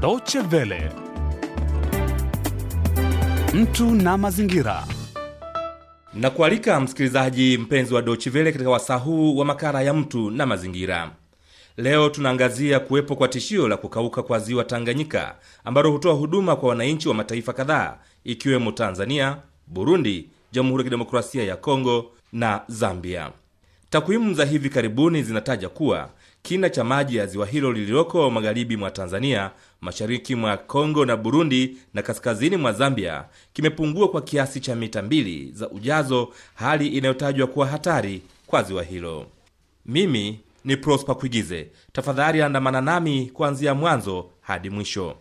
Deutsche Welle. Mtu na mazingira. Na kualika msikilizaji mpenzi wa Deutsche Welle katika wasaa huu wa makala ya mtu na mazingira. Leo tunaangazia kuwepo kwa tishio la kukauka kwa ziwa Tanganyika ambalo hutoa huduma kwa wananchi wa mataifa kadhaa ikiwemo Tanzania, Burundi, Jamhuri ya Kidemokrasia ya Kongo na Zambia. Takwimu za hivi karibuni zinataja kuwa Kina cha maji ya ziwa hilo lililoko magharibi mwa Tanzania, mashariki mwa Kongo na Burundi na kaskazini mwa Zambia kimepungua kwa kiasi cha mita mbili za ujazo, hali inayotajwa kuwa hatari kwa ziwa hilo. Mimi ni Prosper Kwigize, tafadhali andamana nami kuanzia mwanzo hadi mwisho.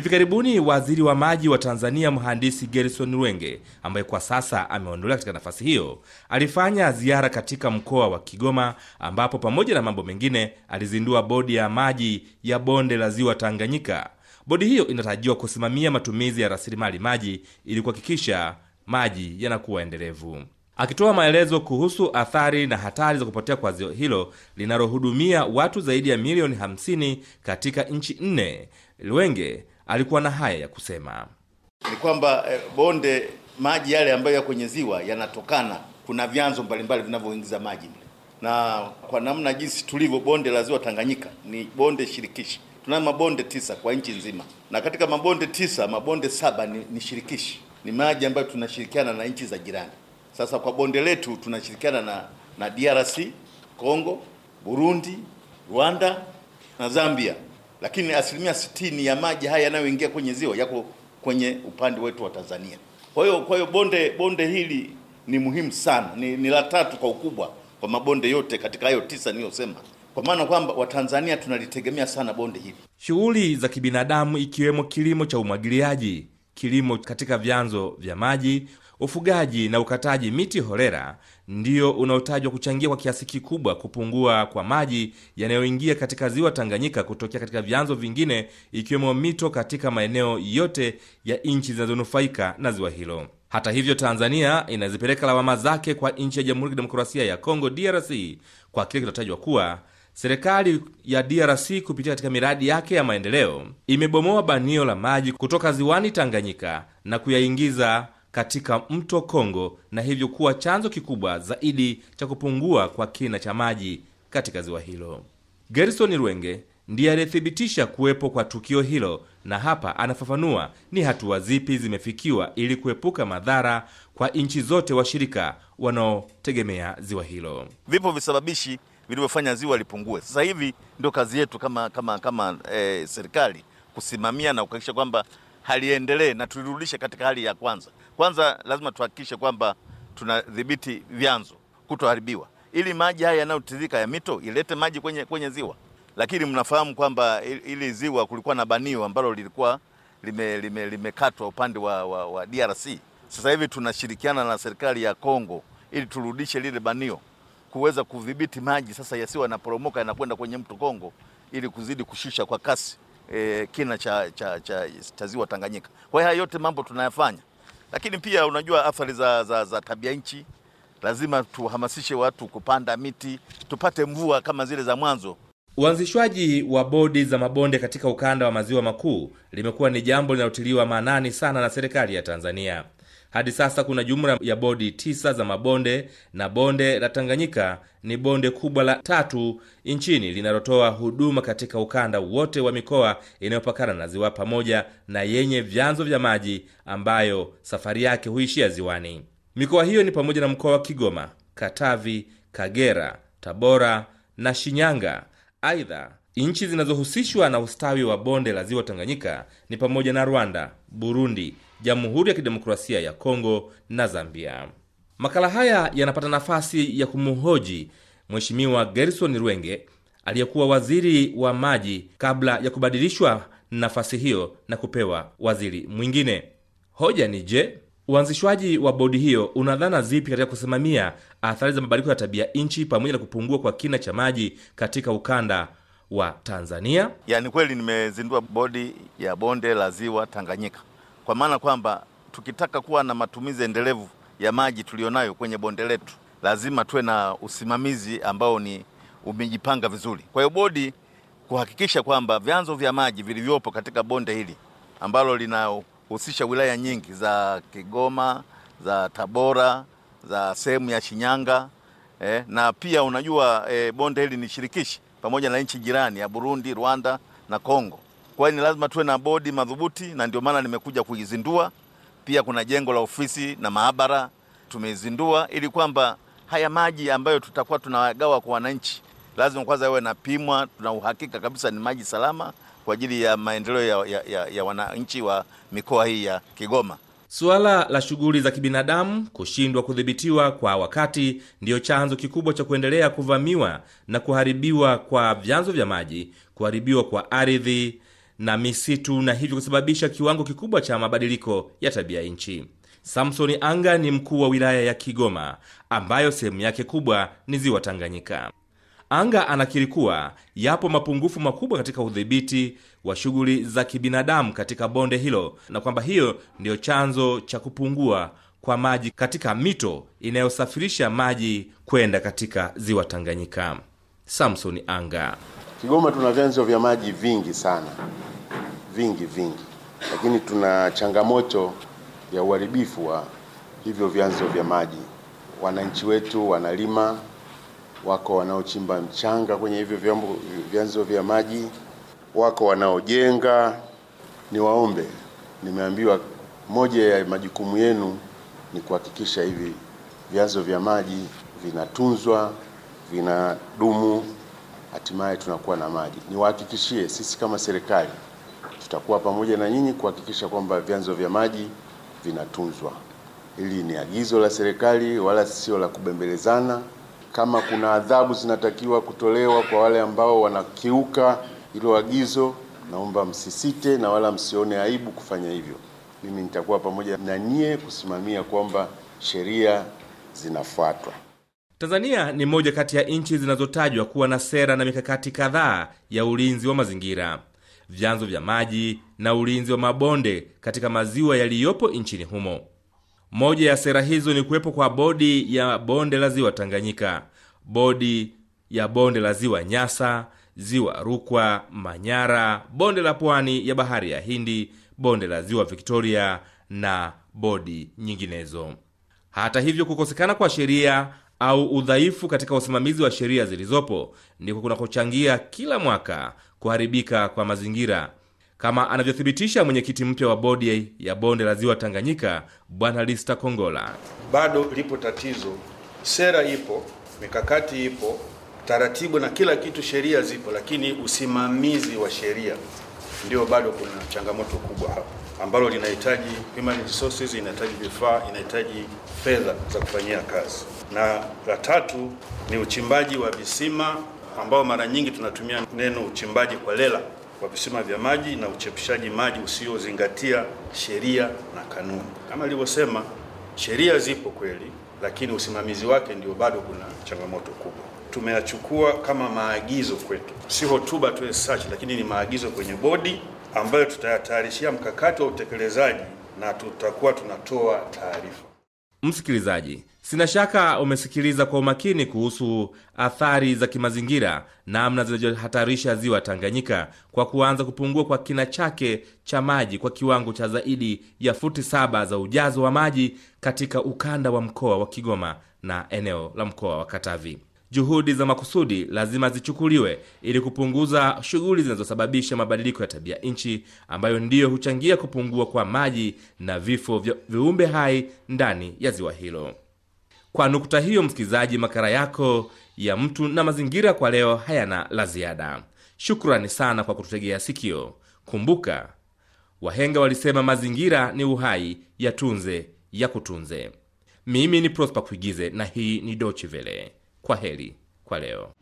Hivi karibuni waziri wa maji wa Tanzania mhandisi Gerson Rwenge, ambaye kwa sasa ameondolewa katika nafasi hiyo, alifanya ziara katika mkoa wa Kigoma, ambapo pamoja na mambo mengine alizindua bodi ya maji ya bonde la ziwa Tanganyika. Bodi hiyo inatarajiwa kusimamia matumizi ya rasilimali maji ili kuhakikisha maji yanakuwa endelevu. Akitoa maelezo kuhusu athari na hatari za kupotea kwa ziwa hilo linalohudumia watu zaidi ya milioni 50 katika nchi nne, Lwenge alikuwa na haya ya kusema. Ni kwamba eh, bonde maji yale ambayo ya kwenye ziwa yanatokana, kuna vyanzo mbalimbali vinavyoingiza maji mle na kwa namna jinsi tulivyo, bonde la ziwa Tanganyika ni bonde shirikishi. tuna mabonde tisa kwa nchi nzima, na katika mabonde tisa mabonde saba ni, ni shirikishi, ni maji ambayo tunashirikiana na nchi za jirani. Sasa kwa bonde letu tunashirikiana na, na DRC Congo, Burundi, Rwanda na Zambia lakini asilimia sitini ya maji haya yanayoingia kwenye ziwa yako kwenye upande wetu wa Tanzania. Kwa hiyo kwa hiyo bonde bonde hili ni muhimu sana, ni, ni la tatu kwa ukubwa kwa mabonde yote katika hayo tisa niliyosema, kwa maana kwamba Watanzania tunalitegemea sana bonde hili. Shughuli za kibinadamu ikiwemo kilimo cha umwagiliaji, kilimo katika vyanzo vya maji Ufugaji na ukataji miti holela ndio unaotajwa kuchangia kwa kiasi kikubwa kupungua kwa maji yanayoingia katika ziwa Tanganyika kutokea katika vyanzo vingine ikiwemo mito katika maeneo yote ya nchi zinazonufaika na ziwa hilo. Hata hivyo, Tanzania inazipeleka lawama zake kwa nchi ya Jamhuri ya Kidemokrasia ya Kongo DRC kwa kile kinatajwa kuwa serikali ya DRC kupitia katika miradi yake ya maendeleo imebomoa banio la maji kutoka ziwani Tanganyika na kuyaingiza katika mto Kongo na hivyo kuwa chanzo kikubwa zaidi cha kupungua kwa kina cha maji katika ziwa hilo. Gerson Rwenge ndiye aliyethibitisha kuwepo kwa tukio hilo na hapa anafafanua ni hatua zipi zimefikiwa ili kuepuka madhara kwa nchi zote washirika wanaotegemea ziwa hilo. Vipo visababishi vilivyofanya ziwa lipungue. Sasa hivi ndio kazi yetu kama, kama, kama e, serikali kusimamia na kuhakikisha kwamba haliendelee na tulirudishe katika hali ya kwanza. Kwanza lazima tuhakikishe kwamba tunadhibiti vyanzo kutoharibiwa, ili maji haya yanayotiririka ya mito ilete maji kwenye, kwenye ziwa. Lakini mnafahamu kwamba ili ziwa kulikuwa na banio ambalo lilikuwa limekatwa lime, lime upande wa, wa, wa DRC. Sasa hivi tunashirikiana na serikali ya Kongo ili turudishe lile banio kuweza kudhibiti maji sasa yasiwa yanaporomoka yanakwenda kwenye mto Kongo ili kuzidi kushusha kwa kasi e, kina cha, cha, cha, cha ziwa Tanganyika. Kwa hiyo yote mambo tunayafanya lakini pia unajua athari za, za, za tabia nchi, lazima tuhamasishe watu kupanda miti, tupate mvua kama zile za mwanzo. Uanzishwaji wa bodi za mabonde katika ukanda wa maziwa makuu limekuwa ni jambo linalotiliwa maanani sana na serikali ya Tanzania. Hadi sasa kuna jumla ya bodi tisa za mabonde na bonde la Tanganyika ni bonde kubwa la tatu nchini linalotoa huduma katika ukanda wote wa mikoa inayopakana na ziwa pamoja na yenye vyanzo vya maji ambayo safari yake huishia ziwani. Mikoa hiyo ni pamoja na mkoa wa Kigoma, Katavi, Kagera, Tabora na Shinyanga. Aidha, nchi zinazohusishwa na ustawi wa bonde la ziwa Tanganyika ni pamoja na Rwanda, Burundi, Jamhuri ya Kidemokrasia ya Kongo na Zambia. Makala haya yanapata nafasi ya kumhoji mweshimiwa Gerson Rwenge aliyekuwa waziri wa maji kabla ya kubadilishwa nafasi hiyo na kupewa waziri mwingine. Hoja ni je, uanzishwaji wa bodi hiyo una dhana zipi katika kusimamia athari za mabadiliko ya tabia nchi pamoja na kupungua kwa kina cha maji katika ukanda wa Tanzania? yani kweli nimezindua bodi ya bonde la ziwa Tanganyika kwa maana kwamba tukitaka kuwa na matumizi endelevu ya maji tuliyonayo kwenye bonde letu lazima tuwe na usimamizi ambao ni umejipanga vizuri. Kwa hiyo bodi kuhakikisha kwamba vyanzo vya maji vilivyopo katika bonde hili ambalo linahusisha wilaya nyingi za Kigoma, za Tabora, za sehemu ya Shinyanga eh, na pia unajua eh, bonde hili ni shirikishi pamoja na nchi jirani ya Burundi, Rwanda na Kongo. Kwa hiyo ni lazima tuwe na bodi madhubuti, na ndio maana nimekuja kuizindua. Pia kuna jengo la ofisi na maabara tumeizindua, ili kwamba haya maji ambayo tutakuwa tunawagawa kwa wananchi lazima kwanza yawe napimwa, tuna uhakika kabisa ni maji salama kwa ajili ya maendeleo ya, ya, ya wananchi wa mikoa hii ya Kigoma. Suala la shughuli za kibinadamu kushindwa kudhibitiwa kwa wakati ndiyo chanzo kikubwa cha kuendelea kuvamiwa na kuharibiwa kwa vyanzo vya maji, kuharibiwa kwa ardhi na misitu na hivyo kusababisha kiwango kikubwa cha mabadiliko ya tabia nchi. Samsoni Anga ni mkuu wa wilaya ya Kigoma ambayo sehemu yake kubwa ni ziwa Tanganyika. Anga anakiri kuwa yapo mapungufu makubwa katika udhibiti wa shughuli za kibinadamu katika bonde hilo na kwamba hiyo ndiyo chanzo cha kupungua kwa maji katika mito inayosafirisha maji kwenda katika ziwa Tanganyika. Samsoni Anga Kigoma tuna vyanzo vya maji vingi sana, vingi vingi, lakini tuna changamoto ya uharibifu wa hivyo vyanzo vya maji. Wananchi wetu wanalima, wako wanaochimba mchanga kwenye hivyo vyombo, vyanzo vya maji, wako wanaojenga. Niwaombe, nimeambiwa moja ya majukumu yenu ni kuhakikisha hivi vyanzo vya maji vinatunzwa, vinadumu hatimaye tunakuwa na maji. Niwahakikishie sisi kama serikali tutakuwa pamoja na nyinyi kuhakikisha kwamba vyanzo vya maji vinatunzwa. Hili ni agizo la serikali, wala sio la kubembelezana. Kama kuna adhabu zinatakiwa kutolewa kwa wale ambao wanakiuka hilo agizo, naomba msisite na wala msione aibu kufanya hivyo. Mimi nitakuwa pamoja na nyie kusimamia kwamba sheria zinafuatwa. Tanzania ni moja kati ya nchi zinazotajwa kuwa na sera na mikakati kadhaa ya ulinzi wa mazingira, vyanzo vya maji na ulinzi wa mabonde katika maziwa yaliyopo nchini humo. Moja ya sera hizo ni kuwepo kwa bodi ya bonde la ziwa Tanganyika, bodi ya bonde la ziwa Nyasa, ziwa Rukwa, Manyara, bonde la pwani ya bahari ya Hindi, bonde la ziwa Victoria na bodi nyinginezo. Hata hivyo, kukosekana kwa sheria au udhaifu katika usimamizi wa sheria zilizopo ndiko kunakochangia kila mwaka kuharibika kwa mazingira, kama anavyothibitisha mwenyekiti mpya wa bodi ya bonde la ziwa Tanganyika, Bwana Lista Kongola. Bado lipo tatizo, sera ipo, mikakati ipo, taratibu na kila kitu, sheria zipo, lakini usimamizi wa sheria ndio bado kuna changamoto kubwa hapo ambalo linahitaji human resources, inahitaji vifaa, inahitaji fedha za kufanyia kazi. Na la tatu ni uchimbaji wa visima ambao mara nyingi tunatumia neno uchimbaji kwa lela wa visima vya maji na uchepishaji maji usiozingatia sheria na kanuni. Kama nilivyosema, sheria zipo kweli, lakini usimamizi wake ndio bado kuna changamoto kubwa. Tumeyachukua kama maagizo kwetu, si hotuba tu as such, lakini ni maagizo kwenye bodi ambayo tutayatayarishia mkakati wa utekelezaji na tutakuwa tunatoa taarifa. Msikilizaji, sina shaka umesikiliza kwa umakini kuhusu athari za kimazingira, namna zinavyohatarisha ziwa Tanganyika kwa kuanza kupungua kwa kina chake cha maji kwa kiwango cha zaidi ya futi saba za ujazo wa maji katika ukanda wa mkoa wa Kigoma na eneo la mkoa wa Katavi juhudi za makusudi lazima zichukuliwe ili kupunguza shughuli zinazosababisha mabadiliko ya tabia nchi ambayo ndiyo huchangia kupungua kwa maji na vifo vya viumbe hai ndani ya ziwa hilo. Kwa nukta hiyo, msikilizaji, makara yako ya mtu na mazingira kwa leo hayana la ziada. Shukrani sana kwa kututegea sikio. Kumbuka, wahenga walisema mazingira ni uhai, yatunze, yakutunze. Mimi ni prospa Kuigize na hii ni Dochi Vele. Kwa heri kwa leo.